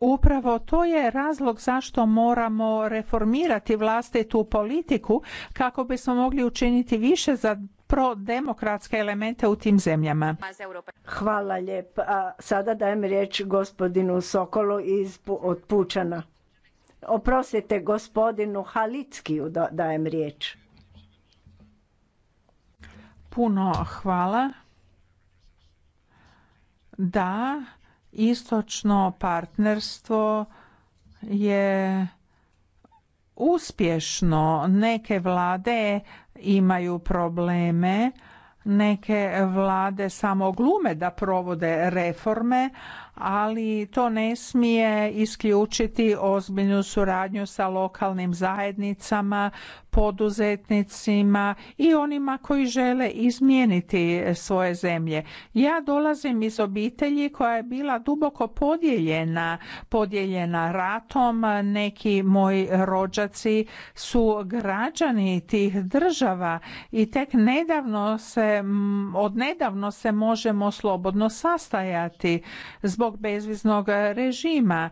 Upravo to je razlog zašto moramo reformirati vlastitu politiku kako bismo mogli učiniti više za prodemokratske elemente u tim zemljama. Hvala lijep. sada dajem riječ gospodinu Sokolu iz od Pučana. Oprostite gospodinu Halickiju dajem riječ. Puno hvala. Da, istočno partnerstvo je uspješno. Neke vlade imaju probleme, neke vlade samo glume da provode reforme, ali to ne smije isključiti ozbiljnu suradnju sa lokalnim zajednicama, poduzetnicima i onima koji žele izmijeniti svoje zemlje. Ja dolazim iz obitelji koja je bila duboko podijeljena, podijeljena ratom. Neki moji rođaci su građani tih država i tek nedavno se, odnedavno se možemo slobodno sastajati. Zbog tog bezviznog režima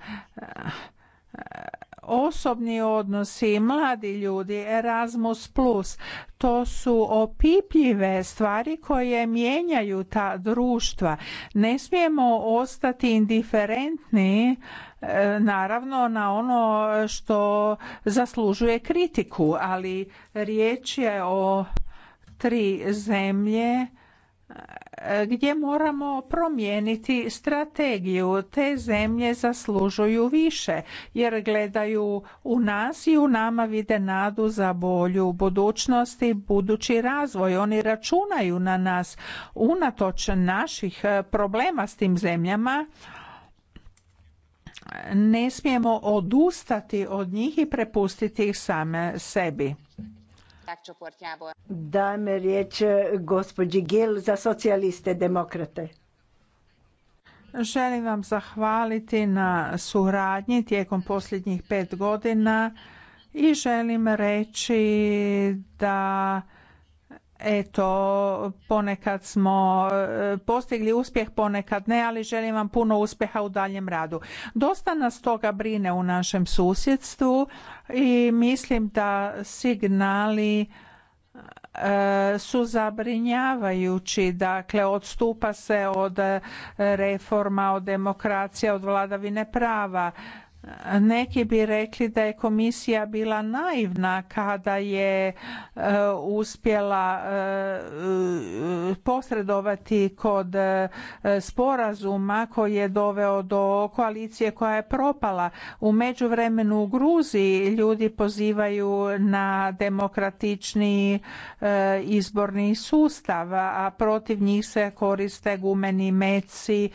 osobni odnosi, mladi ljudi, Erasmus+, plus, to su opipljive stvari koje mijenjaju ta društva. Ne smijemo ostati indiferentni e, naravno na ono što zaslužuje kritiku, ali riječ je o tri zemlje gdje moramo promijeniti strategiju. Te zemlje zaslužuju više jer gledaju u nas i u nama vide nadu za bolju budućnost i budući razvoj. Oni računaju na nas unatoč naših e, problema s tim zemljama ne smijemo odustati od njih i prepustiti ih same sebi. Dajme riječ e, gospođi Gil za socijaliste demokrate. Želim vam zahvaliti na suradnji tijekom posljednjih pet godina i želim reći da Eto, ponekad smo e, postigli uspjeh, ponekad ne, ali želim vam puno uspjeha u daljem radu. Dosta nas toga brine u našem susjedstvu i mislim da signali e, su zabrinjavajući, dakle odstupa se od e, reforma, od demokracije, od vladavine prava neki bi rekli da je komisija bila naivna kada je e, uspjela e, posredovati kod e, sporazuma koji je doveo do koalicije koja je propala u međuvremenu u Gruziji ljudi pozivaju na demokratični izborni sustav a protiv njih se koriste gumeni meci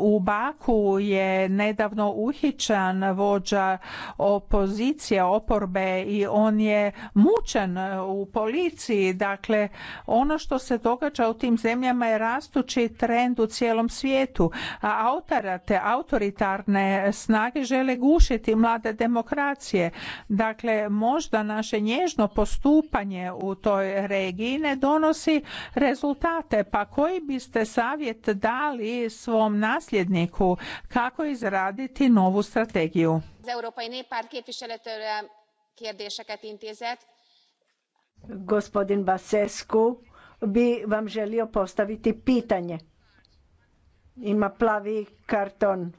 u Baku je nedavno nedavno uhićen vođa opozicije, oporbe i on je mučen u policiji. Dakle, ono što se događa u tim zemljama je rastući trend u cijelom svijetu. A autorate, autoritarne snage žele gušiti mlade demokracije. Dakle, možda naše nježno postupanje u toj regiji ne donosi rezultate. Pa koji biste savjet dali svom nasljedniku kako izraditi izraditi novu strategiju. Gospodin Basescu bi vam želio postaviti pitanje. Ima plavi karton.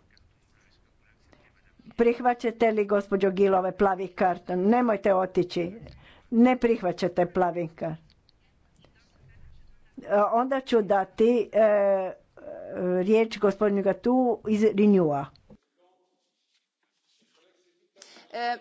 Prihvaćate li, gospođo Gilove, plavi karton? Nemojte otići. Ne prihvaćate plavi karton. E, onda ću dati e, riječ gospodinu Gatu iz Rinjua. Uh,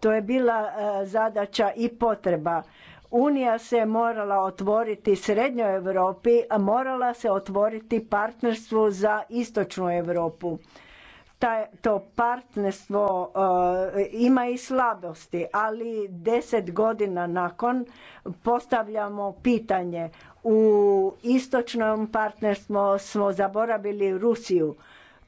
to je bila uh, zadaća i potreba. unija se morala otvoriti srednjoj europi a morala se otvoriti partnerstvu za istočnu europu taj, to partnerstvo eh, ima i slabosti, ali deset godina nakon postavljamo pitanje u istočnom partnerstvu smo zaboravili Rusiju.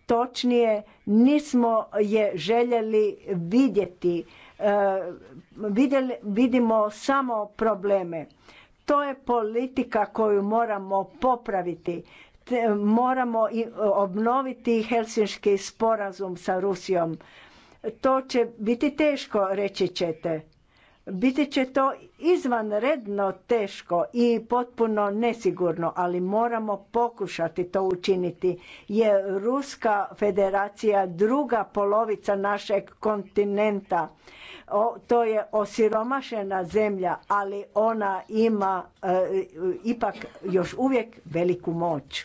Točnije, nismo je željeli vidjeti. Eh, vidimo samo probleme. To je politika koju moramo popraviti moramo obnoviti Helsinški sporazum sa Rusijom. To će biti teško, reći ćete. Biti će to izvanredno teško i potpuno nesigurno, ali moramo pokušati to učiniti. Je Ruska federacija druga polovica našeg kontinenta. to je osiromašena zemlja, ali ona ima e, ipak još uvijek veliku moć.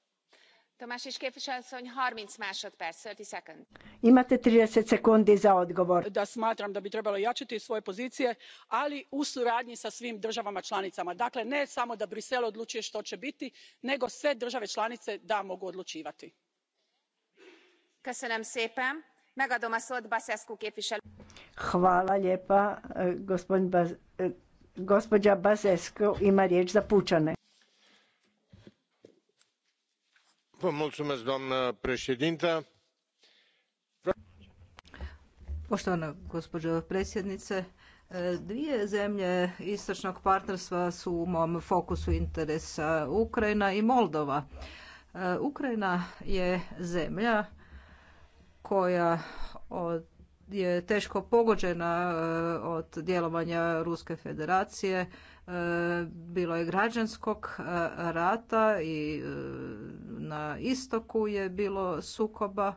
Imate 30 sekundi za odgovor. Da smatram da bi trebalo jačati svoje pozicije, ali u suradnji sa svim državama članicama. Dakle, ne samo da brisel odlučuje što će biti, nego sve države članice da mogu odlučivati. Hvala lijepa. Eh, eh, gospođa Bazescu ima riječ za pučane. doamnă președintă poštovana gospođo predsjednice e, dvije zemlje istočnog partnerstva su u mom fokusu interesa ukrajina i moldova. E, ukrajina je zemlja koja je teško pogođena e, od djelovanja ruske federacije E, bilo je građanskog e, rata i e, na istoku je bilo sukoba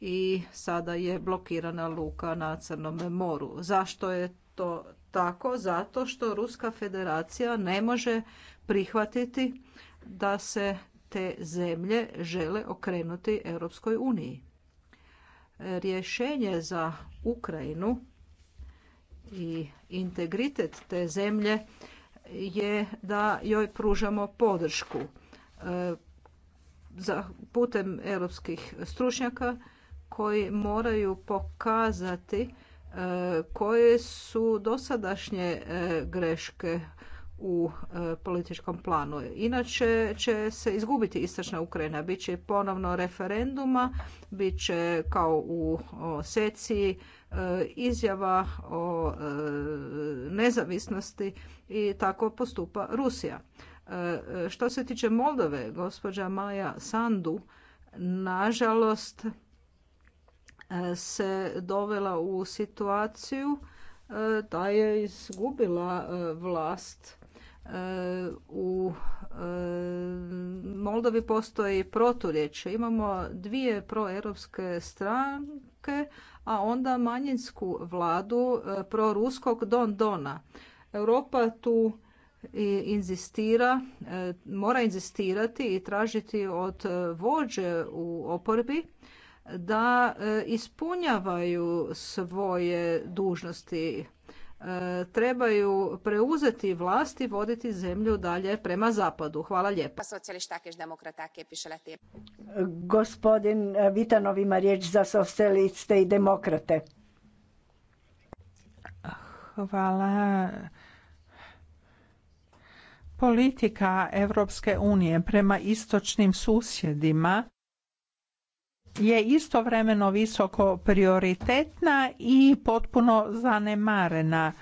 i sada je blokirana luka na Crnom moru. Zašto je to tako? Zato što Ruska federacija ne može prihvatiti da se te zemlje žele okrenuti Europskoj uniji. Rješenje za Ukrajinu i integritet te zemlje je da joj pružamo podršku e, putem europskih stručnjaka koji moraju pokazati e, koje su dosadašnje e, greške u e, političkom planu. Inače će se izgubiti istočna Ukrajina, bit će ponovno referenduma, bit će kao u seciji e, izjava o e, nezavisnosti i tako postupa Rusija. Što se tiče Moldove, gospođa Maja Sandu, nažalost, se dovela u situaciju da je izgubila vlast u e, Moldovi postoji proturječje. Imamo dvije proeuropske stranke, a onda manjinsku vladu e, proruskog Don Dona. Europa tu inzistira, e, mora inzistirati i tražiti od vođe u oporbi da ispunjavaju svoje dužnosti E, trebaju preuzeti vlast i voditi zemlju dalje prema zapadu. Hvala lijepa. Gospodin e, Vitanov ima riječ za socijaliste i demokrate. Hvala. Politika Europske unije prema istočnim susjedima je istovremeno visoko prioritetna i potpuno zanemarena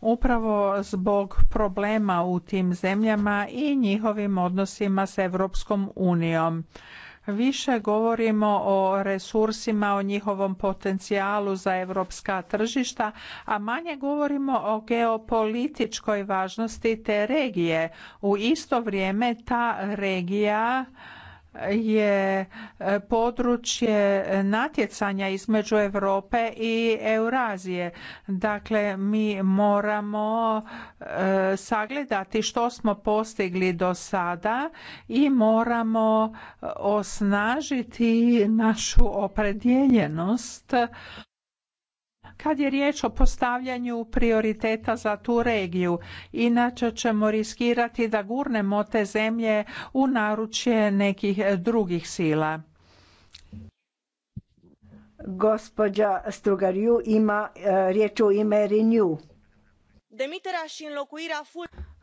upravo zbog problema u tim zemljama i njihovim odnosima s Europskom unijom. Više govorimo o resursima, o njihovom potencijalu za europska tržišta, a manje govorimo o geopolitičkoj važnosti te regije. U isto vrijeme ta regija je e, područje natjecanja između Europe i Eurazije. Dakle, mi moramo e, sagledati što smo postigli do sada i moramo osnažiti našu opredjeljenost kad je riječ o postavljanju prioriteta za tu regiju. Inače ćemo riskirati da gurnemo te zemlje u naručje nekih drugih sila. Gospođa Strugarju ima e, riječ u ime Renew.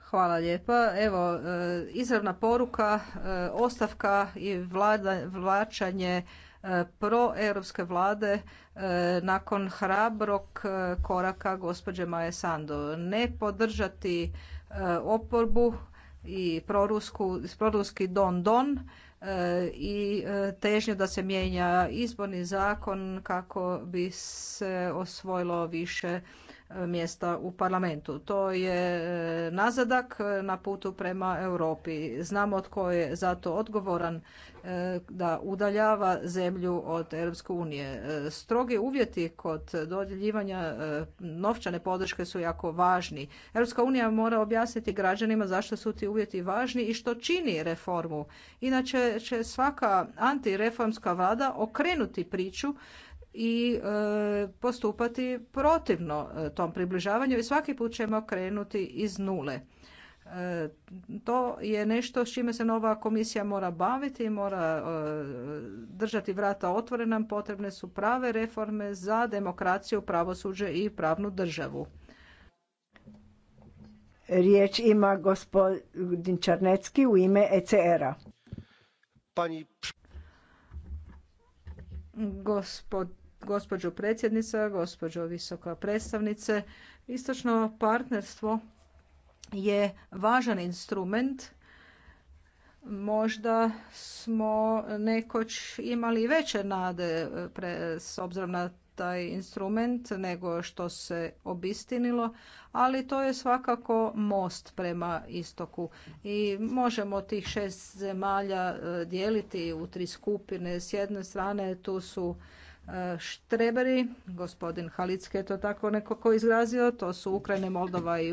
Hvala lijepa. Evo, e, izravna poruka, e, ostavka i vlačanje proeuropske vlade e, nakon hrabrog e, koraka gospođe Maje Sando. Ne podržati e, oporbu i prorusku, proruski don don i težnju da se mijenja izborni zakon kako bi se osvojilo više mjesta u parlamentu. To je e, nazadak na putu prema Europi. Znamo tko je zato odgovoran e, da udaljava zemlju od Europske unije. E, strogi uvjeti kod dodjeljivanja novčane podrške su jako važni. Europska unija mora objasniti građanima zašto su ti uvjeti važni i što čini reformu. Inače će svaka antireformska vlada okrenuti priču i e, postupati protivno e, tom približavanju i svaki put ćemo krenuti iz nule. E, to je nešto s čime se nova komisija mora baviti, i mora držati vrata otvorena, potrebne su prave reforme za demokraciju, pravosuđe i pravnu državu. Riječ ima gospodin Čarnecki u ime ECR-a. Pani... Gospod gospođo predsjednice, gospođo visoka predstavnice. Istočno partnerstvo je važan instrument. Možda smo nekoć imali veće nade s obzirom na taj instrument nego što se obistinilo, ali to je svakako most prema istoku. I možemo tih šest zemalja e, dijeliti u tri skupine. S jedne strane tu su štreberi, gospodin Halicke je to tako nekako izrazio, to su Ukrajine, Moldova i,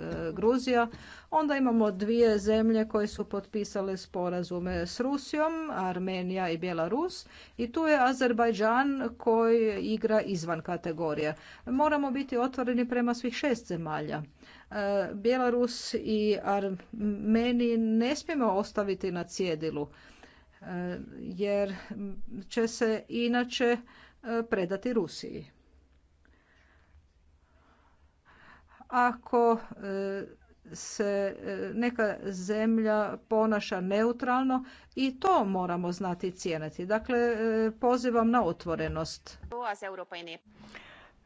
e, Gruzija. Onda imamo dvije zemlje koje su potpisale sporazume s Rusijom, Armenija i Bjelarus i tu je Azerbajdžan koji igra izvan kategorije. Moramo biti otvoreni prema svih šest zemalja. E, Bjelarus i Armeniji ne smijemo ostaviti na cjedilu jer će se inače e, predati Rusiji. Ako e, se e, neka zemlja ponaša neutralno i to moramo znati cijeniti. Dakle, pozivam na otvorenost.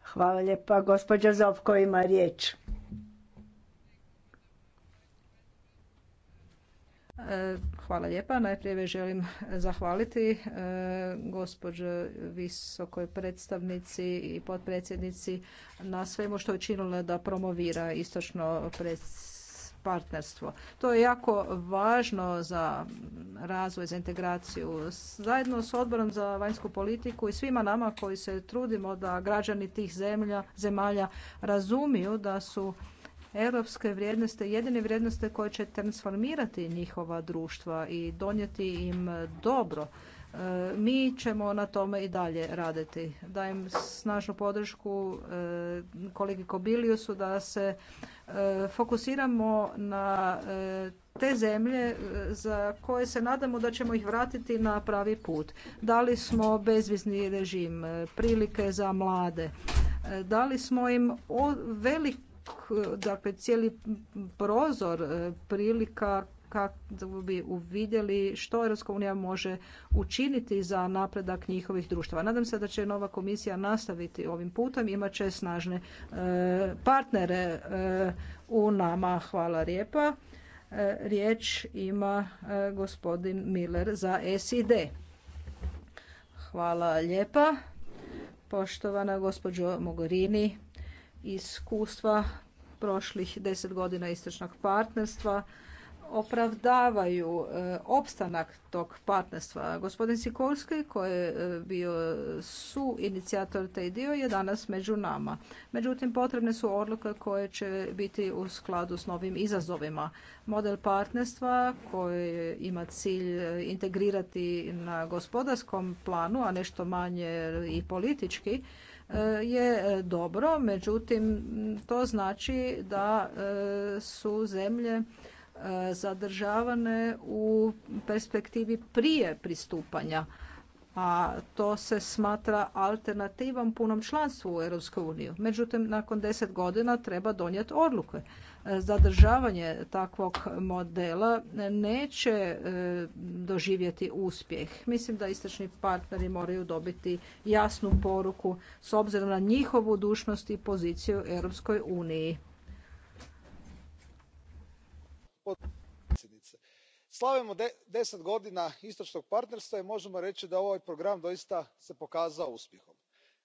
Hvala lijepa. Gospođa Zovko ima riječ. E, hvala lijepa. Najprije želim zahvaliti e, gospođo visokoj predstavnici i potpredsjednici na svemu što je učinila da promovira istočno partnerstvo. To je jako važno za razvoj, za integraciju. Zajedno s odborom za vanjsku politiku i svima nama koji se trudimo da građani tih zemlja, zemalja razumiju da su europske vrijednosti jedine vrijednosti koje će transformirati njihova društva i donijeti im dobro. E, mi ćemo na tome i dalje raditi. Dajem snažnu podršku e, kolegi Kobiliusu da se e, fokusiramo na te zemlje za koje se nadamo da ćemo ih vratiti na pravi put. Dali smo bezvizni režim, prilike za mlade, dali smo im velik dakle cijeli prozor e, prilika kako bi uvidjeli što EU može učiniti za napredak njihovih društava. Nadam se da će nova komisija nastaviti ovim putem, imat će snažne e, partnere e, u nama. Hvala lijepa. Riječ ima gospodin Miller za SID. Hvala lijepa. Poštovana gospođo Mogorini, iskustva prošlih deset godina istočnog partnerstva opravdavaju e, opstanak tog partnerstva. Gospodin Sikorski, koji je e, bio su inicijator taj dio, je danas među nama. Međutim, potrebne su odluke koje će biti u skladu s novim izazovima. Model partnerstva koji ima cilj e, integrirati na gospodarskom planu, a nešto manje i politički, E, je e, dobro, međutim to znači da e, su zemlje zadržavane u perspektivi prije pristupanja, a to se smatra alternativom punom članstvu u EU. Međutim, nakon deset godina treba donijeti odluke. E, zadržavanje takvog modela neće e, doživjeti uspjeh. Mislim da istočni partneri moraju dobiti jasnu poruku s obzirom na njihovu dušnost i poziciju u Europskoj uniji. Slavimo deset godina istočnog partnerstva i možemo reći da ovaj program doista se pokazao uspjehom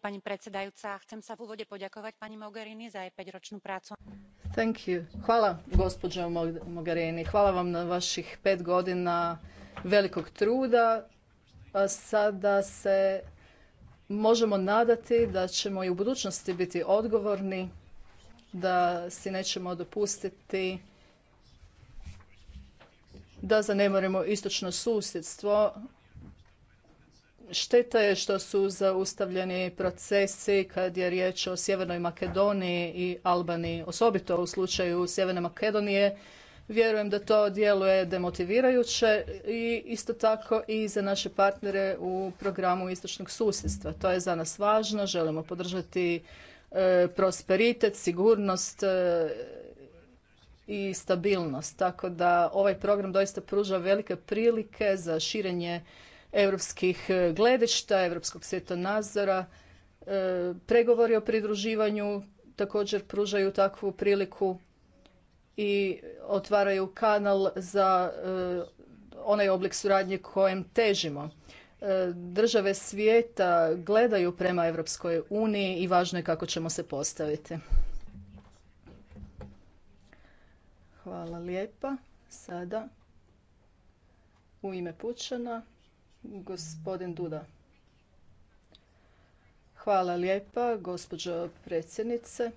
pani predsedajúca chcem sa v úvode poďakovať pani mogherini za jej päťročnú prácu. Thank you. Hvala gospođo Mogherini. Hvala vam na vaših pet godina velikog truda. Sada se možemo nadati da ćemo i u budućnosti biti odgovorni, da si nećemo dopustiti da zanemarimo istočno susjedstvo Šteta je što su zaustavljeni procesi kad je riječ o Sjevernoj Makedoniji i Albaniji, osobito u slučaju Sjeverne Makedonije. Vjerujem da to djeluje demotivirajuće i isto tako i za naše partnere u programu istočnog susjedstva. To je za nas važno, želimo podržati e, prosperitet, sigurnost e, i stabilnost. Tako da ovaj program doista pruža velike prilike za širenje europskih e, gledišta, europskog svjetonazora. E, pregovori o pridruživanju također pružaju takvu priliku i otvaraju kanal za e, onaj oblik suradnje kojem težimo. Države svijeta gledaju prema Europskoj uniji i važno je kako ćemo se postaviti. Hvala lijepa. Sada u ime Pučana Gospodin Duda. Hvala lijepa, gospođo predsjednice.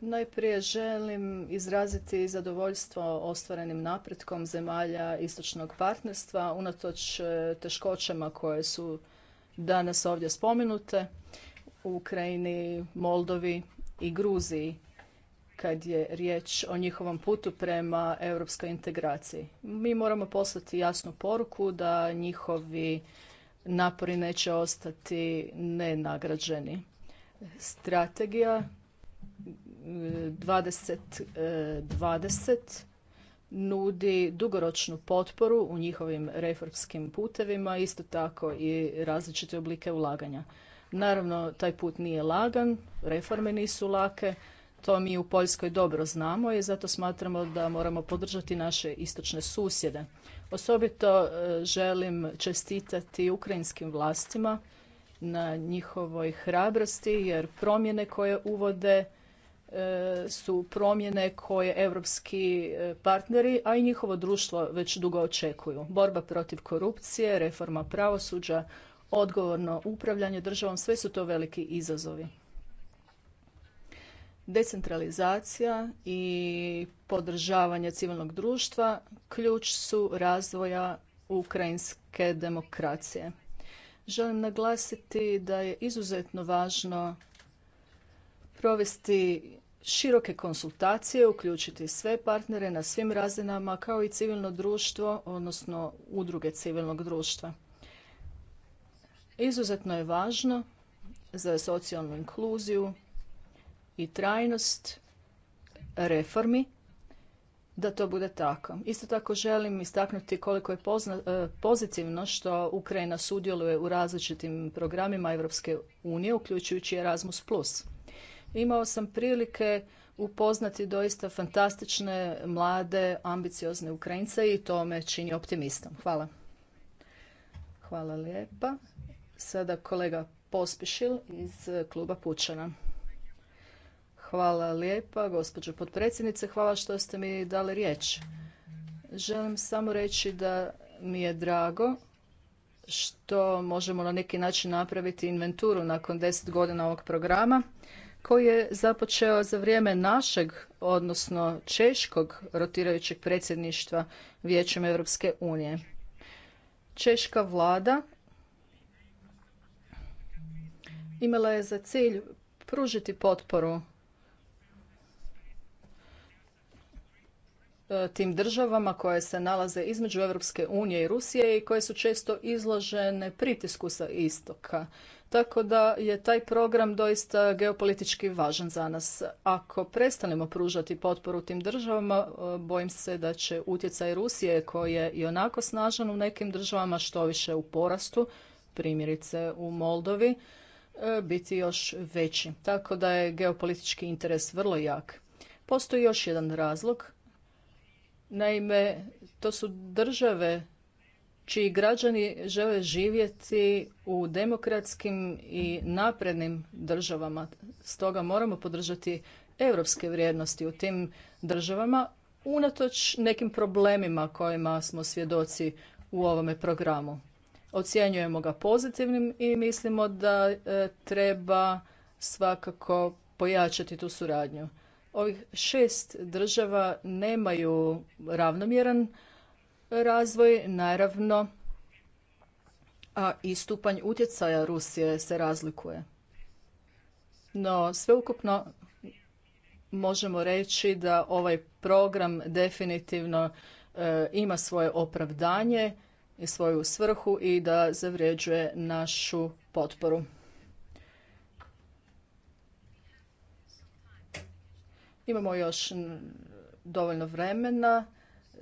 Najprije želim izraziti zadovoljstvo ostvarenim napretkom zemalja istočnog partnerstva unatoč e, teškoćama koje su danas ovdje spomenute u Ukrajini, Moldovi i Gruziji kad je riječ o njihovom putu prema europskoj integraciji. Mi moramo poslati jasnu poruku da njihovi napori neće ostati nenagrađeni. Strategija 2020 mm, nudi dugoročnu potporu u njihovim reformskim putevima, isto tako i različite oblike ulaganja. Naravno, taj put nije lagan, reforme nisu lake, to mi u Poljskoj dobro znamo i zato smatramo da moramo podržati naše istočne susjede. Osobito e, želim čestitati ukrajinskim vlastima na njihovoj hrabrosti jer promjene koje uvode e, su promjene koje europski e, partneri, a i njihovo društvo već dugo očekuju. Borba protiv korupcije, reforma pravosuđa, odgovorno upravljanje državom, sve su to veliki izazovi. Decentralizacija i podržavanje civilnog društva ključ su razvoja ukrajinske demokracije. Želim naglasiti da je izuzetno važno provesti široke konsultacije, uključiti sve partnere na svim razinama kao i civilno društvo, odnosno udruge civilnog društva. Izuzetno je važno za socijalnu inkluziju, i trajnost reformi da to bude tako. Isto tako želim istaknuti koliko je e, pozitivno što Ukrajina sudjeluje u različitim programima Europske unije, uključujući Erasmus+. Imao sam prilike upoznati doista fantastične, mlade, ambiciozne Ukrajince i to me čini optimistom. Hvala. Hvala lijepa. Sada kolega Pospišil iz kluba Pučana. Hvala lijepa, gospođo potpredsjednice. Hvala što ste mi dali riječ. Želim samo reći da mi je drago što možemo na neki način napraviti inventuru nakon deset godina ovog programa koji je započeo za vrijeme našeg, odnosno češkog rotirajućeg predsjedništva Vijećem Europske unije. Češka vlada imala je za cilj pružiti potporu E, tim državama koje se nalaze između Europske unije i Rusije i koje su često izložene pritisku sa istoka. Tako da je taj program doista geopolitički važan za nas. Ako prestanemo pružati potporu tim državama, e, bojim se da će utjecaj Rusije koji je i onako snažan u nekim državama što više u porastu, primjerice u Moldovi, e, biti još veći. Tako da je geopolitički interes vrlo jak. Postoji još jedan razlog, Naime, to su države čiji građani žele živjeti u demokratskim i naprednim državama. Stoga moramo podržati europske vrijednosti u tim državama unatoč nekim problemima kojima smo svjedoci u ovome programu. Ocjenjujemo ga pozitivnim i mislimo da e, treba svakako pojačati tu suradnju. Ovih šest država nemaju ravnomjeran razvoj, naravno, a i stupanj utjecaja Rusije se razlikuje. No, sveukupno možemo reći da ovaj program definitivno e, ima svoje opravdanje i svoju svrhu i da zavređuje našu potporu. Imamo još dovoljno vremena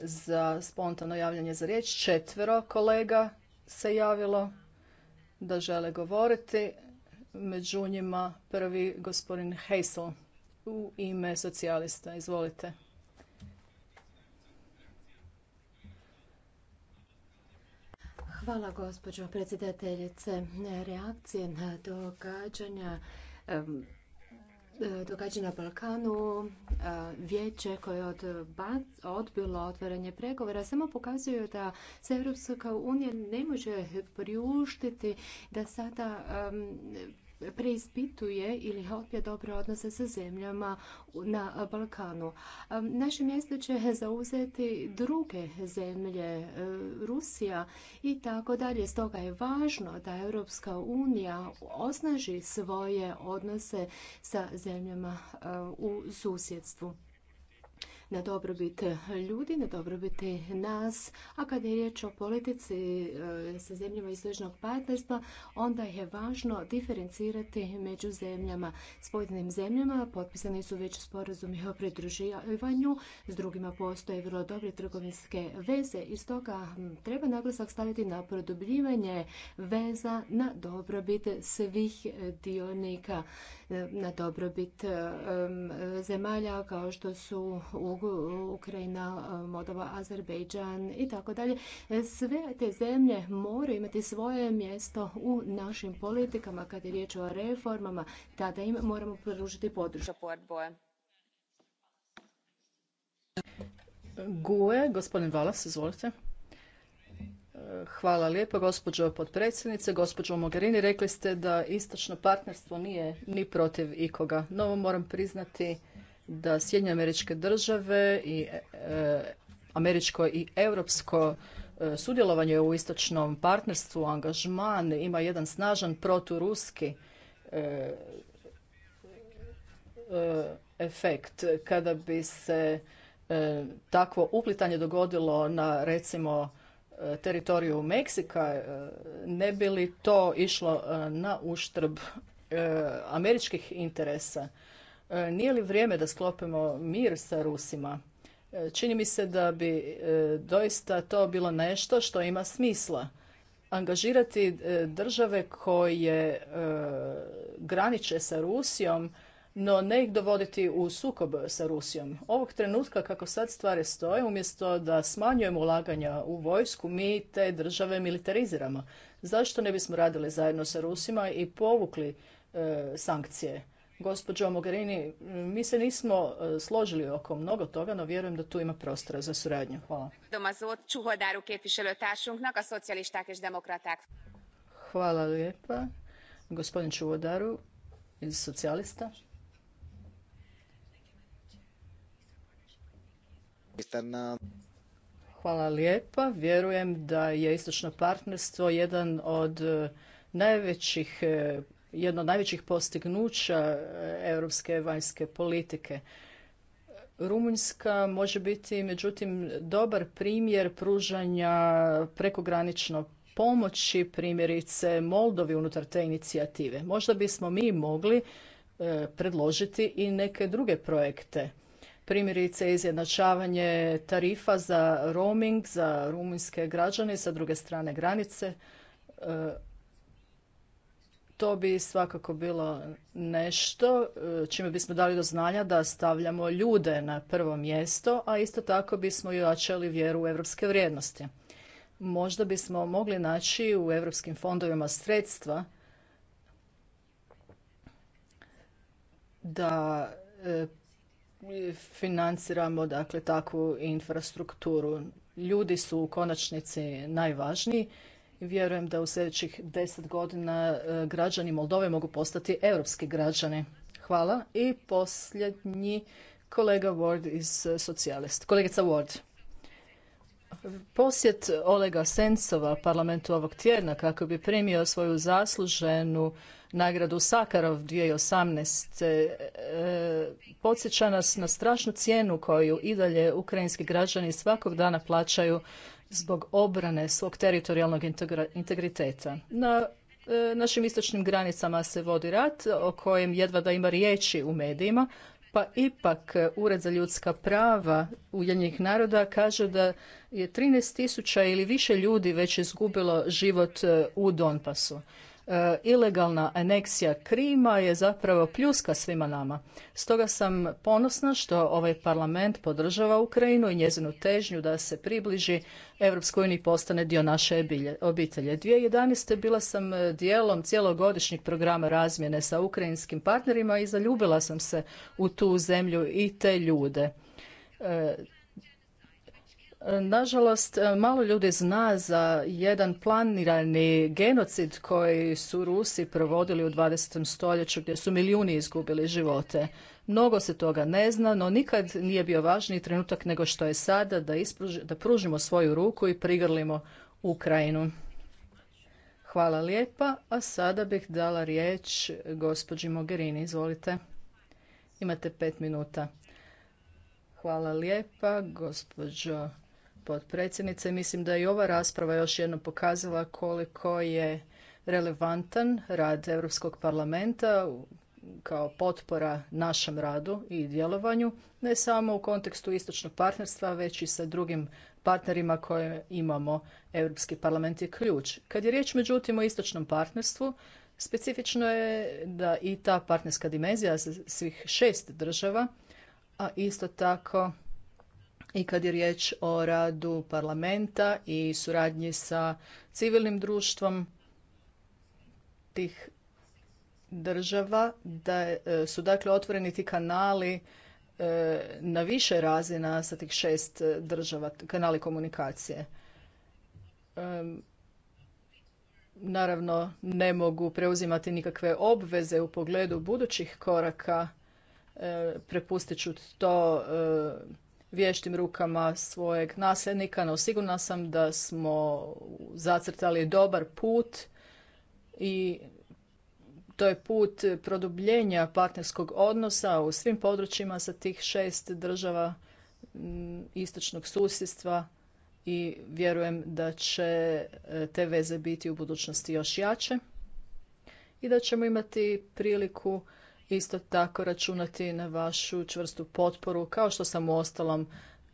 za spontano javljanje za riječ. Četvero kolega se javilo da žele govoriti. Među njima prvi gospodin Heisel u ime socijalista. Izvolite. Hvala gospođo predsjedateljice. Reakcije na događanja E, događa na Balkanu, e, vijeće koje je odbilo otvaranje pregovora samo pokazuju da se Europska unija ne može priuštiti da sada preispituje ili opje dobre odnose sa zemljama na Balkanu. E, naše mjesto će zauzeti druge zemlje, e, Rusija i tako dalje. Stoga je važno da Europska unija osnaži svoje odnose sa zemljama e, u susjedstvu na dobrobit ljudi, na dobrobit nas, a kada je riječ o politici e, sa zemljama istočnog partnerstva, onda je važno diferencirati među zemljama. S pojedinim zemljama potpisani su već sporazumi o pridruživanju, s drugima postoje vrlo dobre trgovinske veze i stoga treba naglasak staviti na produbljivanje veza na dobrobit svih dionika, e, na dobrobit e, zemalja kao što su u Ukrajina, Moldova, Azerbejdžan i tako dalje. Sve te zemlje moraju imati svoje mjesto u našim politikama kad je riječ o reformama, tada im moramo pružiti podršku. GUE, gospodin Valas, izvolite. Hvala lijepo, gospođo potpredsjednice. Gospođo Mogherini, rekli ste da istočno partnerstvo nije ni protiv ikoga. No, moram priznati da Sjedinje američke države i e, američko i europsko e, sudjelovanje u istočnom partnerstvu, angažman ima jedan snažan proturuski e, e efekt. Kada bi se takvo uplitanje dogodilo na recimo teritoriju Meksika, ne bi li to išlo na uštrb američkih interesa? E, nije li vrijeme da sklopimo mir sa Rusima? E, čini mi se da bi e, doista to bilo nešto što ima smisla. Angažirati države koje graniče sa Rusijom, no ne ih dovoditi u sukob sa Rusijom. Ovog trenutka kako sad stvari stoje, umjesto da smanjujemo ulaganja u vojsku, mi te države militariziramo. Zašto ne bismo radili zajedno sa Rusima i povukli sankcije? Gospođo Mogherini, mi se nismo e, složili oko mnogo toga, no vjerujem da tu ima prostora za suradnju. Hvala. Hvala lijepa. Gospodin Čuvodaru iz socijalista. Hvala lijepa. Vjerujem da je istočno partnerstvo jedan od e, najvećih e, jedno od najvećih postignuća eh, europske vanjske politike. Rumunjska može biti međutim dobar primjer pružanja prekogranično pomoći primjerice Moldovi unutar te inicijative. Možda bismo mi mogli eh, predložiti i neke druge projekte. Primjerice izjednačavanje tarifa za roaming za rumunjske građane sa druge strane granice, eh, to bi svakako bilo nešto e, čime bismo dali do znanja da stavljamo ljude na prvo mjesto, a isto tako bismo i ojačali vjeru u europske vrijednosti. Možda bismo mogli naći u evropskim fondovima sredstva da e, financiramo dakle takvu infrastrukturu. Ljudi su u konačnici najvažniji Vjerujem da u sljedećih deset godina e, građani Moldove mogu postati europski građani. Hvala. I posljednji kolega Ward iz e, Socijalist. Kolegica Ward. Posjet Olega Sencova parlamentu ovog tjedna kako bi primio svoju zasluženu nagradu Sakarov 2018. E, podsjeća nas na strašnu cijenu koju i dalje ukrajinski građani svakog dana plaćaju zbog obrane svog teritorijalnog integriteta. Na e, našim istočnim granicama se vodi rat o kojem jedva da ima riječi u medijima, pa ipak Ured za ljudska prava Ujedinjenih naroda kaže da je 13.000 ili više ljudi već izgubilo život e, u Donpasu. E, ilegalna aneksija Krima je zapravo pljuska svima nama. Stoga sam ponosna što ovaj parlament podržava Ukrajinu i njezinu težnju da se približi Evropskoj uniji postane dio naše obitelje. 2011. bila sam e, dijelom cijelogodišnjeg programa razmjene sa ukrajinskim partnerima i zaljubila sam se u tu zemlju i te ljude. E, Nažalost, e, malo ljudi zna za jedan planirani genocid koji su Rusi provodili u 20. stoljeću gdje su milijuni izgubili živote. Mnogo se toga ne zna, no nikad nije bio važniji trenutak nego što je sada da, da pružimo svoju ruku i prigrlimo Ukrajinu. Hvala lijepa, a sada bih dala riječ gospođi Mogherini. Izvolite. Imate pet minuta. Hvala lijepa, gospođo potpredsjednice. Mislim da je i ova rasprava još jednom pokazala koliko je relevantan rad Europskog parlamenta kao potpora našem radu i djelovanju, ne samo u kontekstu istočnog partnerstva, već i sa drugim partnerima koje imamo. Europski parlament je ključ. Kad je riječ međutim o istočnom partnerstvu, specifično je da i ta partnerska dimenzija svih šest država, a isto tako i kad je riječ o radu parlamenta i suradnji sa civilnim društvom tih država, da e, su dakle otvoreni ti kanali e, na više razina sa tih šest e, država, kanali komunikacije. Naravno, ne mogu preuzimati nikakve obveze u pogledu budućih koraka. Prepustit ću to vještim rukama svojeg nasljednika, no sigurna sam da smo zacrtali dobar put i to je put produbljenja partnerskog odnosa u svim područjima sa tih šest država mm, istočnog susjedstva i vjerujem da će e, te veze biti u budućnosti još jače i da ćemo imati priliku isto tako računati na vašu čvrstu potporu, kao što sam uostalom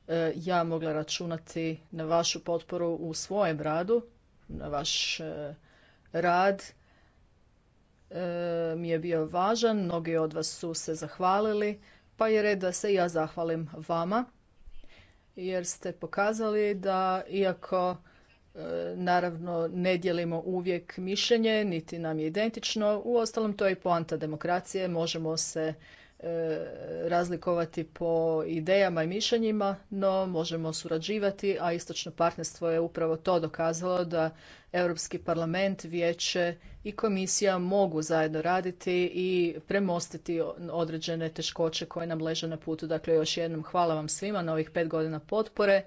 e, ja mogla računati na vašu potporu u svojem radu, na vaš e, rad e, mi je bio važan, mnogi od vas su se zahvalili, pa je red da se ja zahvalim vama jer ste pokazali da iako Naravno, ne dijelimo uvijek mišljenje, niti nam je identično. Uostalom, to je i poanta demokracije. Možemo se e, razlikovati po idejama i mišljenjima, no možemo surađivati, a istočno partnerstvo je upravo to dokazalo da Europski parlament, vijeće i komisija mogu zajedno raditi i premostiti određene teškoće koje nam leže na putu. Dakle, još jednom hvala vam svima na ovih pet godina potpore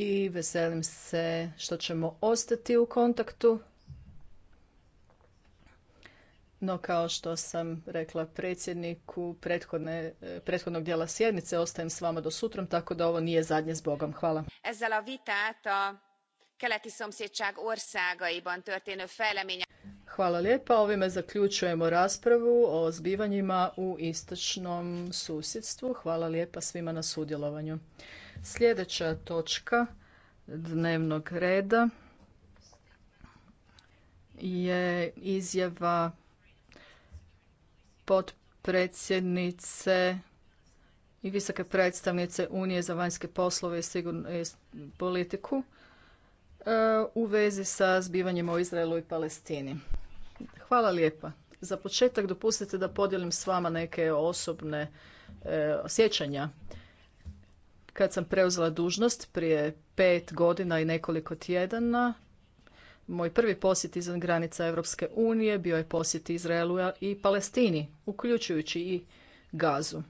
i veselim se što ćemo ostati u kontaktu. No kao što sam rekla predsjedniku prethodne, eh, prethodnog dijela sjednice, ostajem s vama do sutra, tako da ovo nije zadnje s Bogom. Hvala. Hvala lijepa. Ovime zaključujemo raspravu o zbivanjima u istočnom susjedstvu. Hvala lijepa svima na sudjelovanju. Sljedeća točka dnevnog reda je izjava potpredsjednice i visoke predstavnice Unije za vanjske poslove i politiku e, u vezi sa zbivanjem o Izraelu i Palestini. Hvala lijepa. Za početak dopustite da podijelim s vama neke osobne e, osjećanja kad sam preuzela dužnost prije pet godina i nekoliko tjedana, moj prvi posjet izvan granica Europske unije bio je posjet Izraelu i Palestini, uključujući i Gazu.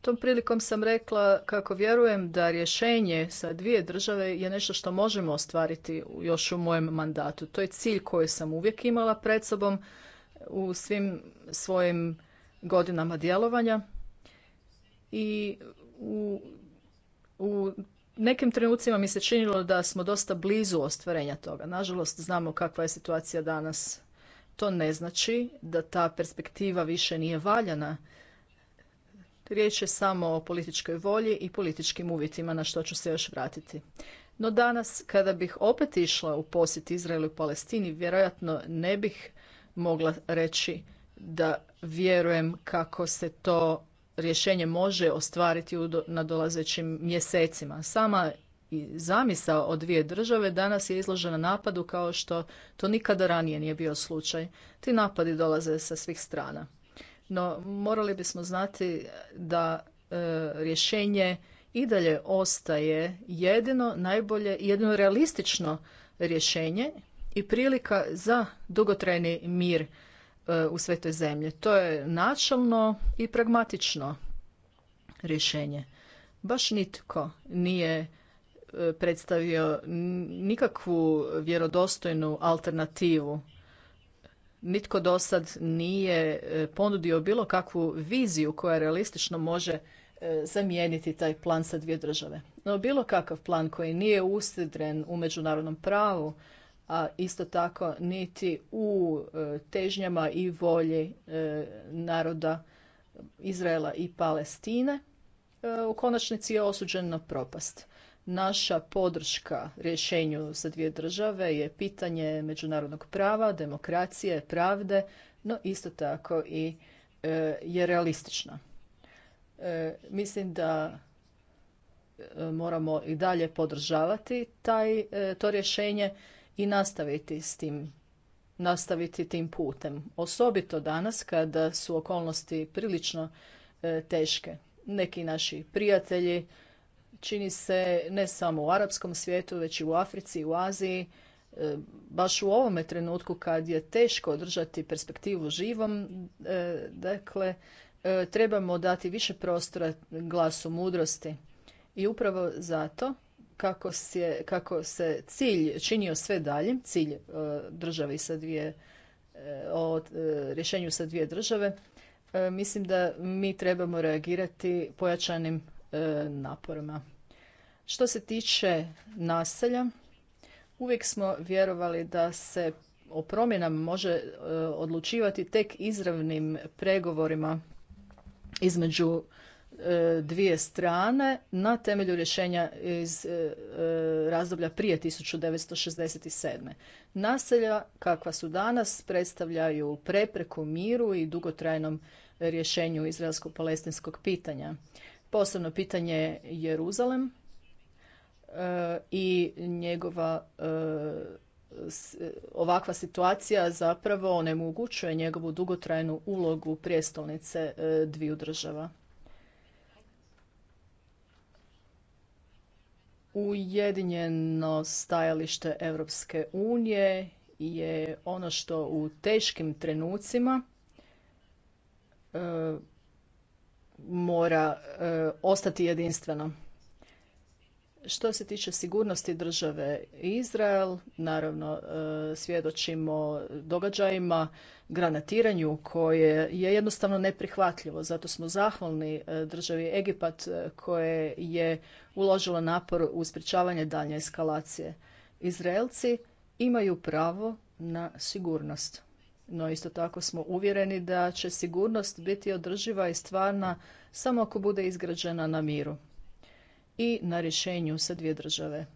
Tom prilikom sam rekla kako vjerujem da rješenje sa dvije države je nešto što možemo ostvariti još u mojem mandatu. To je cilj koji sam uvijek imala pred sobom u svim svojim godinama djelovanja i u u nekim trenucima mi se činilo da smo dosta blizu ostvarenja toga. Nažalost, znamo kakva je situacija danas. To ne znači da ta perspektiva više nije valjana. Riječ je samo o političkoj volji i političkim uvjetima na što ću se još vratiti. No danas, kada bih opet išla u posjet Izraelu i Palestini, vjerojatno ne bih mogla reći da vjerujem kako se to rješenje može ostvariti u nadolazećim mjesecima. Sama i zamisa o dvije države danas je izložena napadu kao što to nikada ranije nije bio slučaj. Ti napadi dolaze sa svih strana. No, morali bismo znati da e, rješenje i dalje ostaje jedino najbolje, jedino realistično rješenje i prilika za dugotrajni mir E, u sve te zemlje. To je načelno i pragmatično rješenje. Baš nitko nije e, predstavio nikakvu vjerodostojnu alternativu. Nitko do sad nije e, ponudio bilo kakvu viziju koja realistično može zamijeniti taj plan sa dvije države. No bilo kakav plan koji nije usidren u međunarodnom pravu, a isto tako niti u e, težnjama i volji e, naroda Izraela i Palestine, e, u konačnici je osuđen na propast. Naša podrška rješenju za dvije države je pitanje međunarodnog prava, demokracije, pravde, no isto tako i je realistična. Mislim da moramo i dalje podržavati taj, to rješenje i nastaviti s tim nastaviti tim putem osobito danas kada su okolnosti prilično e, teške neki naši prijatelji čini se ne samo u arapskom svijetu već i u Africi i u Aziji e, baš u ovome trenutku kad je teško održati perspektivu živom e, dakle trebamo dati više prostora glasu mudrosti i upravo zato kako se, kako se cilj činio sve dalje, cilj e, države sa dvije, e, o e, rješenju sa dvije države, mislim da mi trebamo reagirati pojačanim naporima. Što se tiče naselja, uvijek smo vjerovali da se o promjenama može odlučivati tek izravnim pregovorima između E, dvije strane na temelju rješenja iz e, e, razdoblja prije 1967. Naselja kakva su danas predstavljaju prepreku miru i dugotrajnom rješenju izraelsko-palestinskog pitanja. Posebno pitanje Jeruzalem i njegova ovakva situacija zapravo onemogućuje njegovu dugotrajnu ulogu prijestolnice dviju država. ujedinjeno stajalište Europske unije je ono što u teškim trenucima e, mora e, ostati jedinstveno. Što se tiče sigurnosti države Izrael, naravno e, svjedočimo događajima, granatiranju koje je jednostavno neprihvatljivo. Zato smo zahvalni e, državi Egipat e, koje je uložila napor u sprječavanje daljnje eskalacije. Izraelci imaju pravo na sigurnost. No isto tako smo uvjereni da će sigurnost biti održiva i stvarna samo ako bude izgrađena na miru i na rješenju sa dvije države.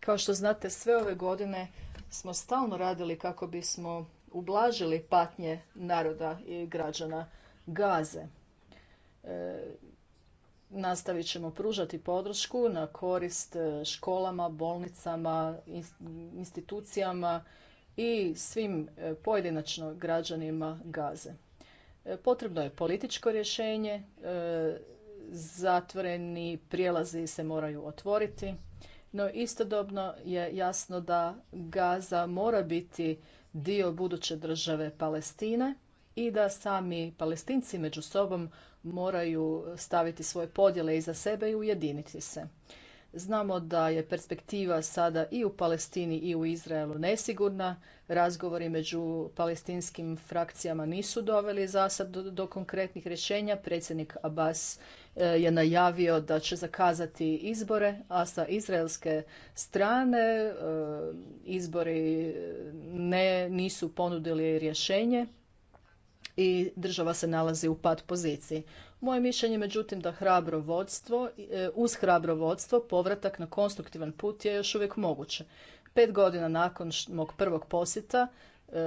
Kao što znate, sve ove godine smo stalno radili kako bismo ublažili patnje naroda i građana Gaze. E, nastavit ćemo pružati podršku na korist e, školama, bolnicama, institucijama i svim e, pojedinačno građanima Gaze. E, potrebno je političko rješenje, zatvoreni prijelazi se moraju otvoriti, no istodobno je jasno da Gaza mora biti dio buduće države Palestine i da sami Palestinci među sobom moraju staviti svoje podjele iza sebe i ujediniti se. Znamo da je perspektiva sada i u Palestini i u Izraelu nesigurna. Razgovori među palestinskim frakcijama nisu doveli zasad do, do konkretnih rješenja. Predsjednik Abbas e, je najavio da će zakazati izbore, a sa izraelske strane e, izbori e, ne, nisu ponudili rješenje i država se nalazi u pad poziciji. Moje mišljenje međutim da hrabro vodstvo, e, uz hrabro vodstvo povratak na konstruktivan put je još uvijek moguće. Pet godina nakon mog prvog posjeta e,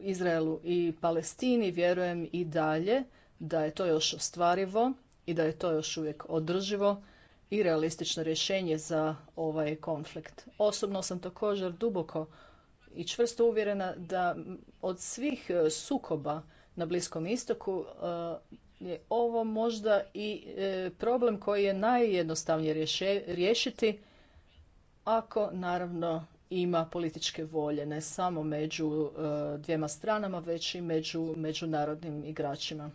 Izraelu i Palestini vjerujem i dalje da je to još ostvarivo i da je to još uvijek održivo i realistično rješenje za ovaj konflikt. Osobno sam također duboko i čvrsto uvjerena da od svih e, sukoba na Bliskom istoku e, je ovo možda i e, problem koji je najjednostavnije riješiti ako naravno ima političke volje, ne samo među e, dvijema stranama, već i među međunarodnim igračima.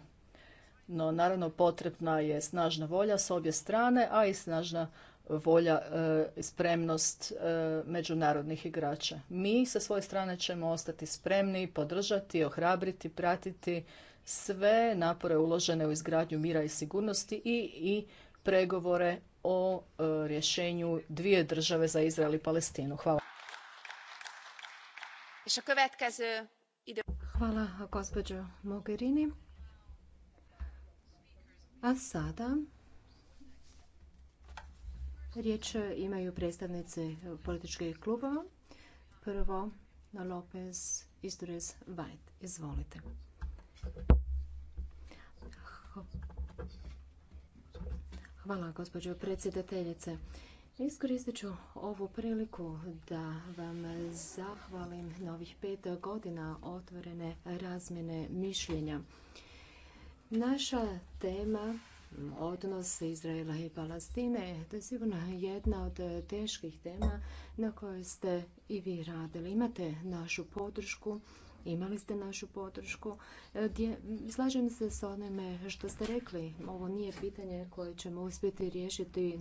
No, naravno, potrebna je snažna volja s obje strane, a i snažna volja, e, spremnost e, međunarodnih igrača. Mi sa svoje strane ćemo ostati spremni, podržati, ohrabriti, pratiti sve napore uložene u izgradnju mira i sigurnosti i, i pregovore o e, rješenju dvije države za Izrael i Palestinu. Hvala. Hvala gospođo Mogherini. A sada Riječ imaju predstavnice političkih klubova. Prvo, Lopez Istures. Vajt. Izvolite. Hvala, gospođo predsjedateljice. Iskoristit ću ovu priliku da vam zahvalim na ovih pet godina otvorene razmjene mišljenja. Naša tema odnos Izraela i Palestine. To je sigurno jedna od teških tema na kojoj ste i vi radili. Imate našu podršku Imali ste našu podršku. E, slažem se s onime što ste rekli. Ovo nije pitanje koje ćemo uspjeti riješiti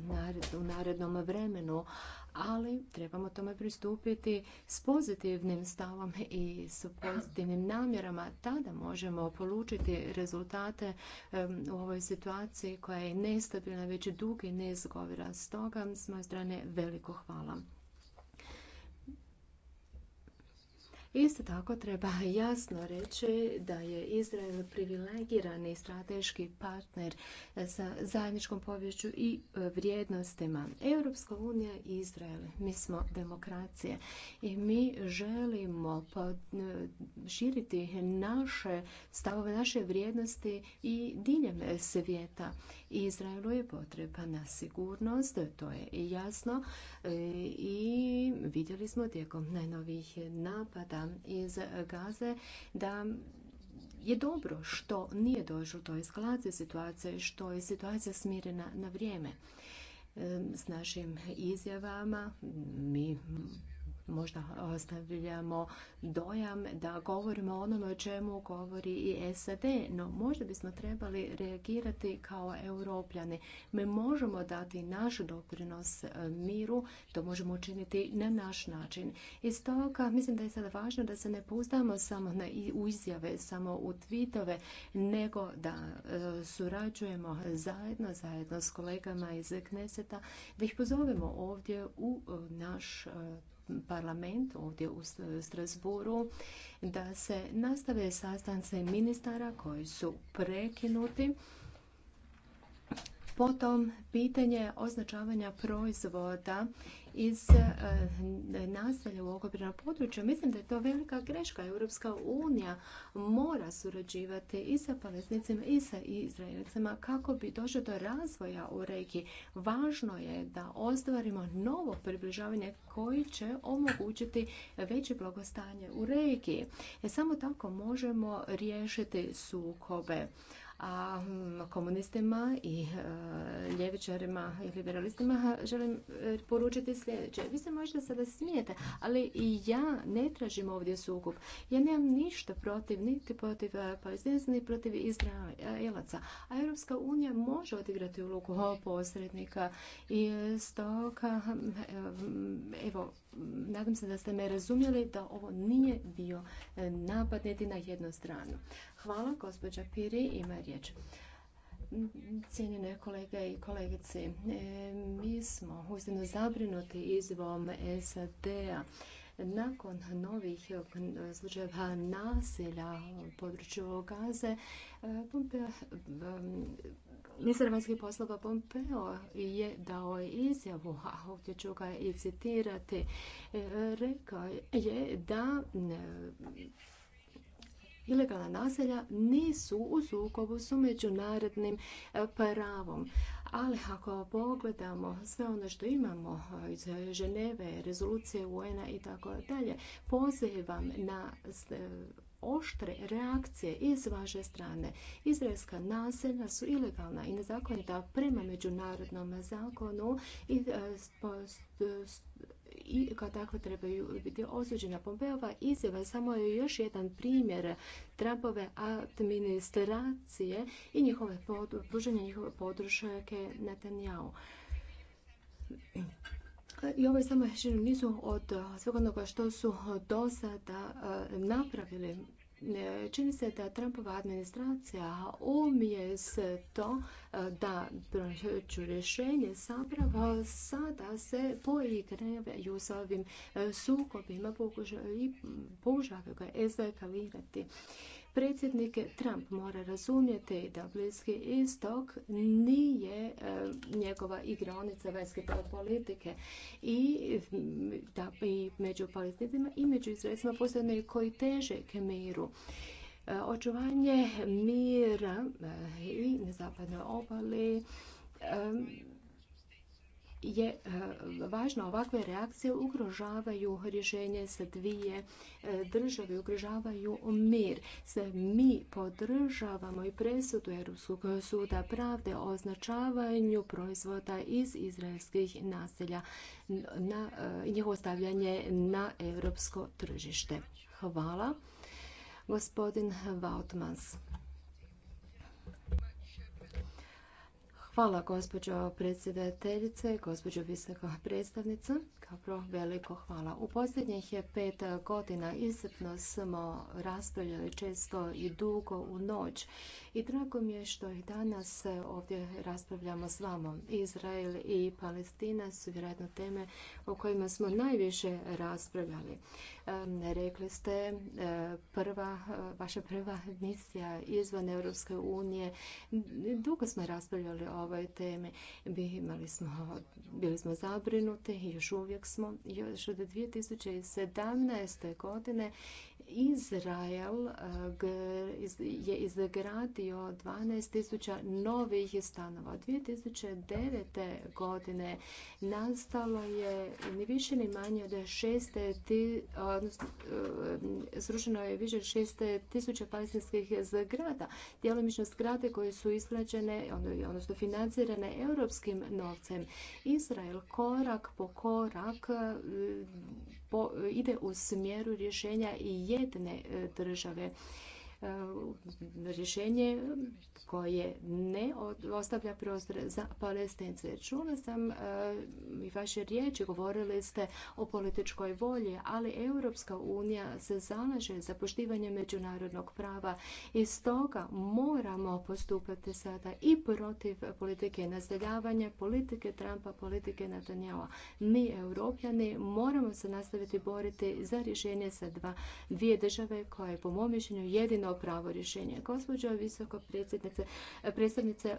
u narednom vremenu, ali trebamo tome pristupiti s pozitivnim stavom i s pozitivnim namjerama. Tada možemo polučiti rezultate e, u ovoj situaciji koja je nestabilna već dugi niz S Stoga s moje strane veliko hvala. Isto tako treba jasno reći da je Izrael privilegirani strateški partner sa zajedničkom poviješću i e, vrijednostima. Europska unija i Izrael, mi smo demokracije i mi želimo e, širiti naše stavove, naše vrijednosti i diljem svijeta. Izraelu je potrebna sigurnost, to je jasno e, i vidjeli smo tijekom najnovijih napada iz Gaze da je dobro što nije došlo do eskalacije situacije, što je situacija smirena na vrijeme. Ehm, s našim izjavama mi možda ostavljamo dojam da govorimo o onome o čemu govori i SAD, no možda bismo trebali reagirati kao europljani. Mi možemo dati naš doprinos e, miru, to možemo učiniti na naš način. I stoga mislim da je sada važno da se ne pustamo samo na u izjave, samo u tweetove, nego da e, surađujemo zajedno, zajedno s kolegama iz Kneseta, da ih pozovemo ovdje u e, naš parlament ovdje u Strasburu da se nastave sastanci ministara koji su prekinuti Potom pitanje označavanja proizvoda iz e, naselja u okupiranom području. Mislim da je to velika greška. Europska unija mora surađivati i sa palestnicima i sa Izraelicima kako bi došlo do razvoja u regiji. Važno je da ostvarimo novo približavanje koji će omogućiti veće blagostanje u regiji. E, samo tako možemo riješiti sukobe a mm, komunistima i e, ljevičarima i liberalistima želim e, poručiti sljedeće. Vi se možda sada smijete, ali i ja ne tražim ovdje sukup. Ja nemam ništa protiv, niti protiv e, palestinaca, niti protiv Izraelaca. A Europska unija može odigrati ulogu posrednika i stoka. Mm, evo nadam se da ste me razumjeli da ovo nije bio e, napad niti na jednu stranu. Hvala, gospođa Piri ima riječ. Cijenjene kolege i kolegice, e, mi smo uistinu zabrinuti izvom SAD-a nakon novih eh, slučajeva nasilja u području Gaze, eh, eh, ministar vanjskih poslova Pompeo je dao izjavu, a ovdje ću ga i citirati, rekao je da ilegalna naselja nisu u sukobu s međunarodnim pravom. Ali ako pogledamo sve ono što imamo iz Ženeve, rezolucije UN-a i tako dalje, pozivam na oštre reakcije iz vaše strane. Izraelska naselja su ilegalna i nezakonita prema međunarodnom zakonu i e, i kao takve trebaju biti osuđena. Pompeova izjava samo je još jedan primjer Trumpove administracije i njihove pružanje njihove podrške Netanjahu. I ovo je samo nisu od svega onoga što su do sada eh, napravili Čini se da Trumpova administracija umjesto to e, da pronađu rješenje zapravo sada se poigravaju s ovim e, sukobima i pokušavaju ga eskalirati. Predsjednik Trump mora razumjeti da Bliski istok nije e, njegova igraonica vanjske politike i da i među politicima i među izraelcima postoje koji teže k miru e, očuvanje mira e, i na zapadnoj obali je e, važno. Ovakve reakcije ugrožavaju rješenje sa dvije e, države, ugrožavaju mir. Sve mi podržavamo i presudu Europskog suda pravde o označavanju proizvoda iz izraelskih naselja na e, njihovo stavljanje na europsko tržište. Hvala. Gospodin Vautmans. Hvala gospođo predsjedateljice, gospođo visoka predstavnica. Kao veliko hvala. U posljednjih je pet godina iscrpno smo raspravljali često i dugo u noć. I drago mi je što i danas ovdje raspravljamo s vama. Izrael i Palestina su vjerojatno teme o kojima smo najviše raspravljali. Rekli ste, e, prva, vaša prva misija izvan Europske unije. Dugo smo raspravljali o ovoj temi. Bi imali smo, bili smo zabrinute i još uvijek smo. Još od 2017. godine Izrael e, je izgradio 12.000 novih stanova. 2009. godine nastalo je ni više ni manje od 6, odnosno, e, srušeno je više od 6.000 palestinskih zgrada. Djelomično zgrade koje su izgrađene, ono, odnosno financirane europskim novcem. Izrael korak po korak e, ide u smjeru rješenja jedne e, države E, rješenje koje ne ostavlja prostor za palestince. Čula sam e, i vaše riječi, govorili ste o političkoj volji, ali Europska unija se zalaže za poštivanje međunarodnog prava i stoga moramo postupati sada i protiv politike naseljavanja, politike Trumpa, politike Natanjela. Mi, europljani, moramo se nastaviti boriti za rješenje sa dva, dvije države koje po mom mišljenju jedino pravo rješenje. Gospođo visoko predsjednice,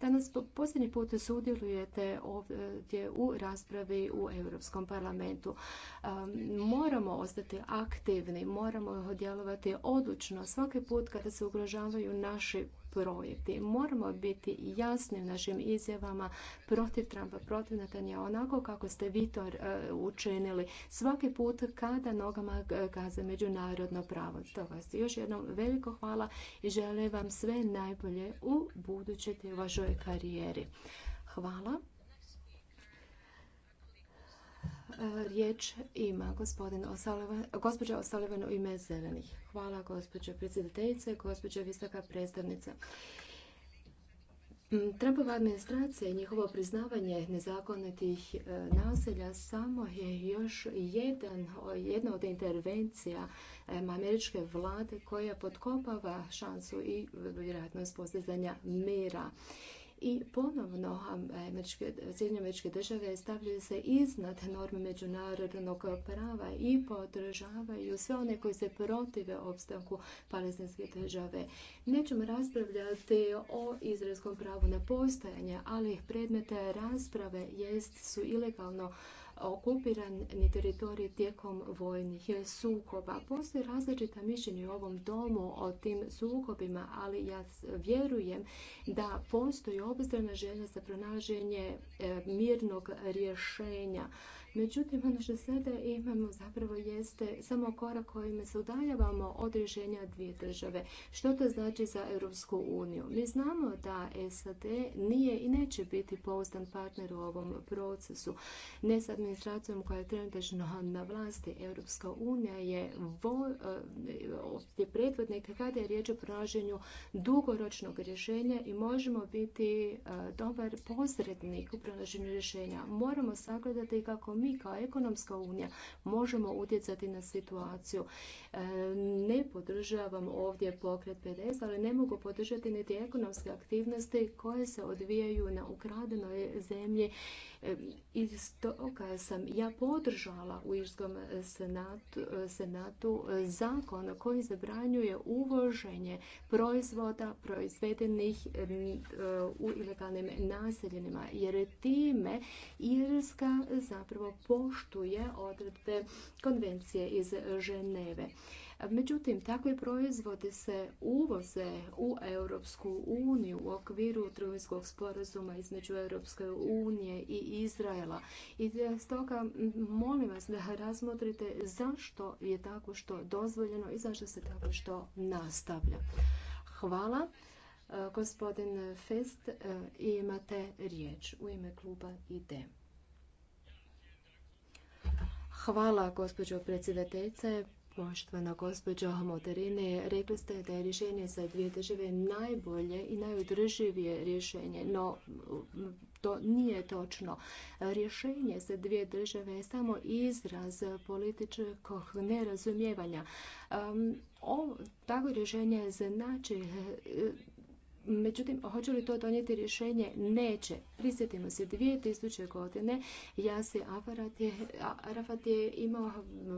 danas posljednji put sudjelujete ovdje u raspravi u Europskom parlamentu. Moramo ostati aktivni, moramo djelovati odlučno svaki put kada se ugrožavaju naši projekti. Moramo biti jasni u našim izjavama protiv Trumpa, protiv Netanja, onako kako ste vi to e, učinili svaki put kada nogama gaze međunarodno pravo. vas još jednom veliko hvala i želim vam sve najbolje u budućoj vašoj karijeri. Hvala. E, riječ ima gospođa Osalevan u ime zelenih. Hvala gospođo predsjedateljice, gospođo visoka predstavnica. Mm, Trumpova administracija i njihovo priznavanje nezakonitih e, naselja samo je još jedan, jedna od intervencija američke vlade koja podkopava šansu i e, vjerojatnost postizanja mira i ponovno Sjedinje američke države stavljaju se iznad norme međunarodnog prava i podržavaju sve one koji se protive opstanku palestinske države. Nećemo raspravljati o izraelskom pravu na postojanje, ali predmete rasprave jest su ilegalno okupirani teritorij tijekom vojnih sukoba. Postoje različita mišljenja u ovom domu o tim sukobima, ali ja vjerujem da postoji obzirna želja za pronaženje e, mirnog rješenja Međutim, ono što sada imamo zapravo jeste samo korak kojim se udaljavamo od rješenja dvije države. Što to znači za Europsku uniju? Mi znamo da SAD nije i neće biti pouzdan partner u ovom procesu. Ne s administracijom koja je trenutačno na vlasti. Europska unija je, vo, eh, predvodnik kada je riječ o pronaženju dugoročnog rješenja i možemo biti eh, dobar posrednik u pronaženju rješenja. Moramo sagledati kako mi mi kao ekonomska unija možemo utjecati na situaciju. E, ne podržavam ovdje pokret 50, ali ne mogu podržati niti ekonomske aktivnosti koje se odvijaju na ukradenoj zemlji iz toga sam ja podržala u Irskom e, e, senatu, senatu zakon koji zabranjuje uvoženje proizvoda proizvedenih e, u ilegalnim naseljenima, jer time Irska zapravo poštuje odredbe konvencije iz Ženeve. Međutim, takvi proizvodi se uvoze u Europsku uniju u okviru trgovinskog sporazuma između Europske unije i Izraela. I stoga molim vas da razmotrite zašto je tako što dozvoljeno i zašto se tako što nastavlja. Hvala. Gospodin Fest, e, imate riječ u ime kluba IDE. Hvala, gospođo predsjedateljice. Poštovana gospođo Moderine, rekli ste da je rješenje za dvije države najbolje i najodrživije rješenje, no to nije točno. Rješenje za dvije države je samo izraz političkog nerazumijevanja. Ehm, takvo rješenje znači Međutim, hoće li to donijeti rješenje? Neće. Prisjetimo se, 2000 godine Jasi Arafat je, imao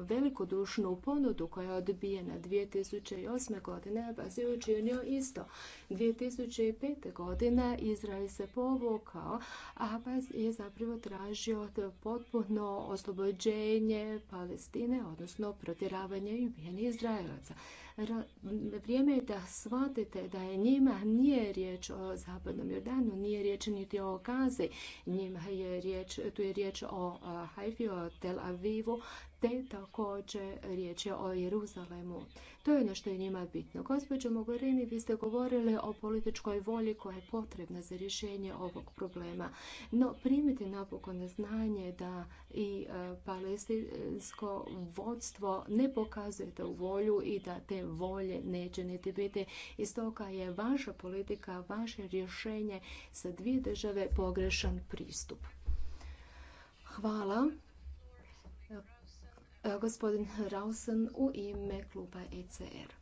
veliku dušnu ponudu koja je odbijena 2008. godine, pa se je učinio isto. 2005. godine Izrael se povukao, a pa je zapravo tražio potpuno oslobođenje Palestine, odnosno protjeravanje i ubijanje Izraelaca. Vrijeme je da shvatite da je njima nije riječ o zapadnom Jordanu, nije riječ niti o Gazi, njima je riječ, tu je riječ o Haifi, o Tel Avivu, te također riječ je o Jeruzalemu. To je ono što je njima bitno. Gospođo Mogherini, vi ste govorili o političkoj volji koja je potrebna za rješenje ovog problema. No, primite napokon na znanje da i e, palestinsko vodstvo ne pokazuje tu volju i da te volje neće niti biti. I stoga je vaša politika, vaše rješenje sa dvije države pogrešan pristup. Hvala. E, gospodin Rausen u ime kluba ECR.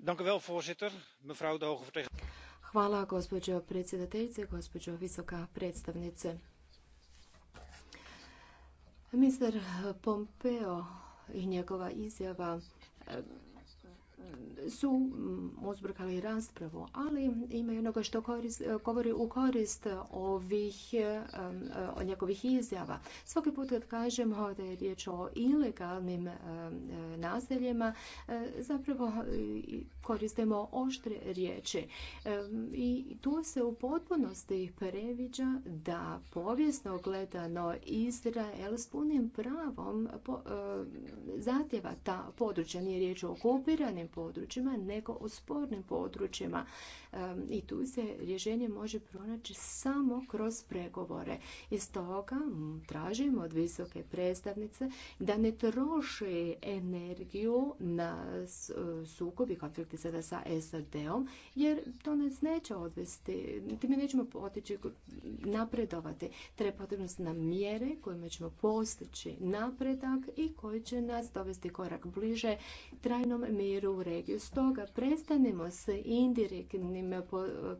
Dank u Hvala gospođo predsjedateljice, gospođo visoka predstavnice. Ministar Pompeo i njegova izjava su mm, uzbrkali raspravu, ali ima i onoga što govori u korist ovih e, e, njegovih izjava. Svaki put kad kažemo da je riječ o ilegalnim e, naseljima, zapravo koristimo oštre riječi. I tu se u potpunosti previđa da povijesno gledano Izrael s punim pravom zatjeva ta područja. Nije riječ o okupiranim područjima, nego u spornim područjima. I tu se rješenje može pronaći samo kroz pregovore. I stoga tražimo od visoke predstavnice da ne troši energiju na e, sukob i konflikti sada sa SAD-om, jer to nas neće odvesti, time nećemo potići napredovati. Treba potrebno na nam mjere kojima ćemo postići napredak i koji će nas dovesti korak bliže trajnom miru regiju. Stoga prestanimo s indirektnim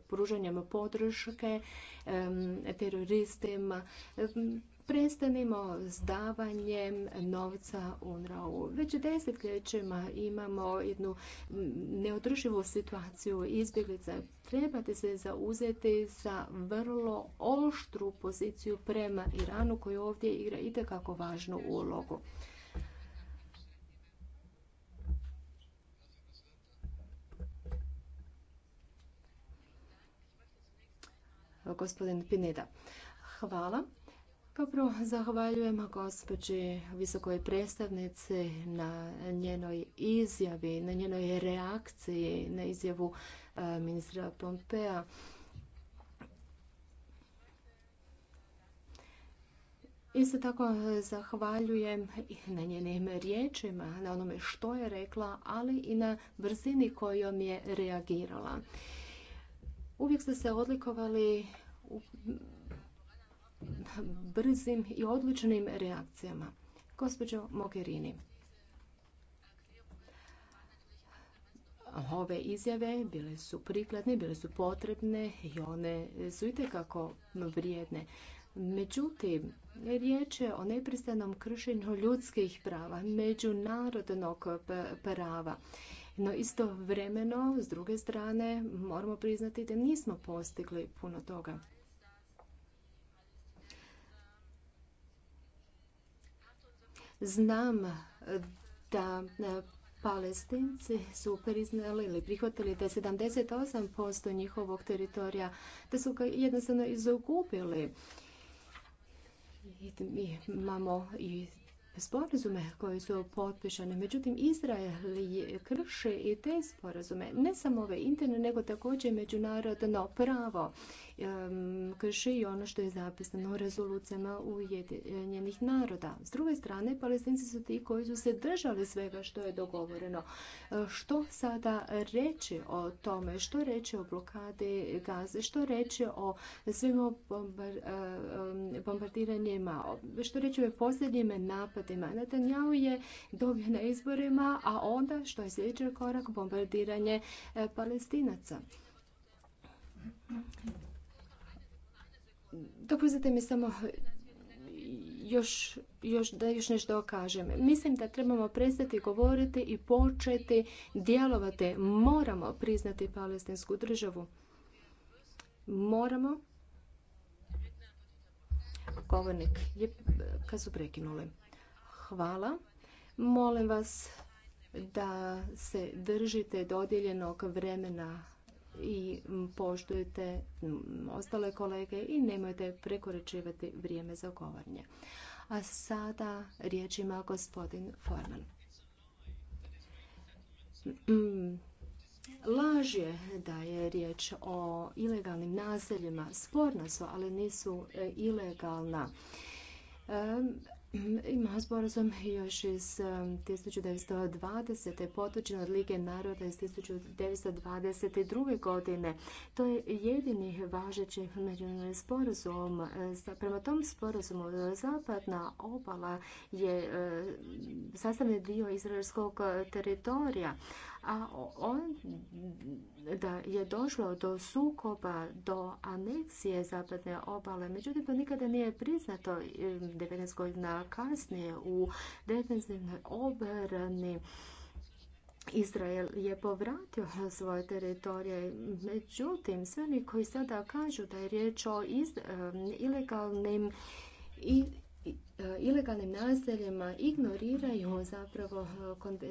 pružanjem podrške teroristima, prestanimo s davanjem novca UNRWA-u. Već desetljećima imamo jednu neodrživu situaciju izbjeglica. Trebate se zauzeti za vrlo oštru poziciju prema Iranu koji ovdje igra itekako važnu ulogu. gospodin Pineda. Hvala. Dobro, pa zahvaljujem gospođi visokoj predstavnici na njenoj izjavi, na njenoj reakciji na izjavu e, ministra Pompea. Isto tako zahvaljujem na njenim riječima, na onome što je rekla, ali i na brzini kojom je reagirala. Uvijek ste se odlikovali brzim i odličnim reakcijama. Gospođo Mogherini, ove izjave bile su prikladne, bile su potrebne i one su itekako vrijedne. Međutim, riječ je o nepristanom kršenju ljudskih prava, međunarodnog prava no istovremeno, s druge strane, moramo priznati da nismo postigli puno toga. Znam da e, Palestinci su priznali ili prihvatili da je 78% njihovog teritorija, da su jednostavno izgubili. I imamo i sporazume koji su potpisani Međutim, Izrael krše i te sporazume, ne samo ove interne, nego također međunarodno pravo krši i ono što je zapisano u rezolucijama Ujedinjenih naroda. S druge strane, palestinci su ti koji su se držali svega što je dogovoreno. E, što sada reći o tome? Što reći o blokade gaze? Što reći o svim e, bombardiranjima? Što reći o posljednjim napadima? Netanjahu je dobio na izborima, a onda što je sljedeći korak bombardiranje e, palestinaca. Dopustite mi samo još, još, da još nešto kažem. Mislim da trebamo prestati govoriti i početi djelovati. Moramo priznati palestinsku državu. Moramo. Govornik je kad su prekinuli. Hvala. Molim vas da se držite dodijeljenog vremena i poštujete ostale kolege i nemojte prekoračivati vrijeme za govornje. A sada riječ ima gospodin Forman. Mm, laž je da je riječ o ilegalnim naseljima. Sporna su, ali nisu e, ilegalna. Ima sporazum još iz 1920. Um, potočen od Lige naroda iz 1922. godine. To je jedini važeći međunarodni sporazum. E, prema tom sporazumu zapadna obala je e, sastavni dio izraelskog teritorija a on, da je došlo do sukoba, do aneksije zapadne obale. Međutim, to nikada nije priznato 19 godina kasnije u defensivnoj obrani. Izrael je povratio svoje teritorije, međutim, svi oni koji sada kažu da je riječ o ilegalnim i E, ilegalnim naseljima ignoriraju zapravo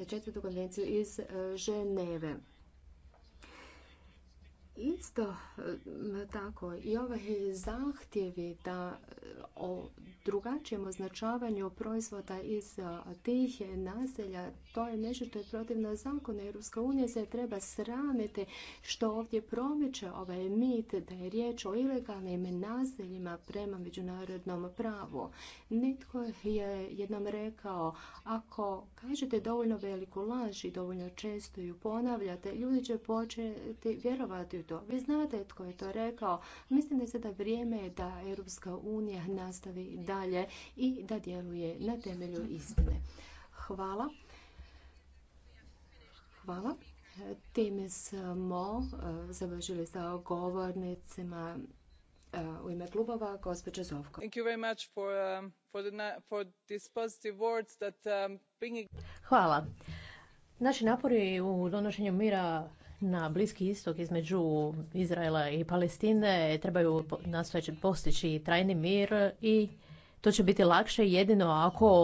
e, četvrtu konvenciju iz e, Ženeve. Isto tako i ovaj zahtjevi da o drugačijem označavanju proizvoda iz tih naselja, to je nešto što je protivno zakonu. Europska unija se treba sramiti što ovdje promiče ovaj mit da je riječ o ilegalnim naseljima prema međunarodnom pravu. Netko je jednom rekao, ako kažete dovoljno veliku laž i dovoljno često ju ponavljate, ljudi će početi vjerovati u vi znate tko je to rekao. Mislim da je sada vrijeme da Europska unija nastavi dalje i da djeluje na temelju istine. Hvala. Hvala. Time smo e, završili sa govornicima e, u ime klubova gospođa Zovko. Hvala. Naši napori u donošenju mira na Bliski istok između Izraela i Palestine trebaju nastojeći postići trajni mir i to će biti lakše jedino ako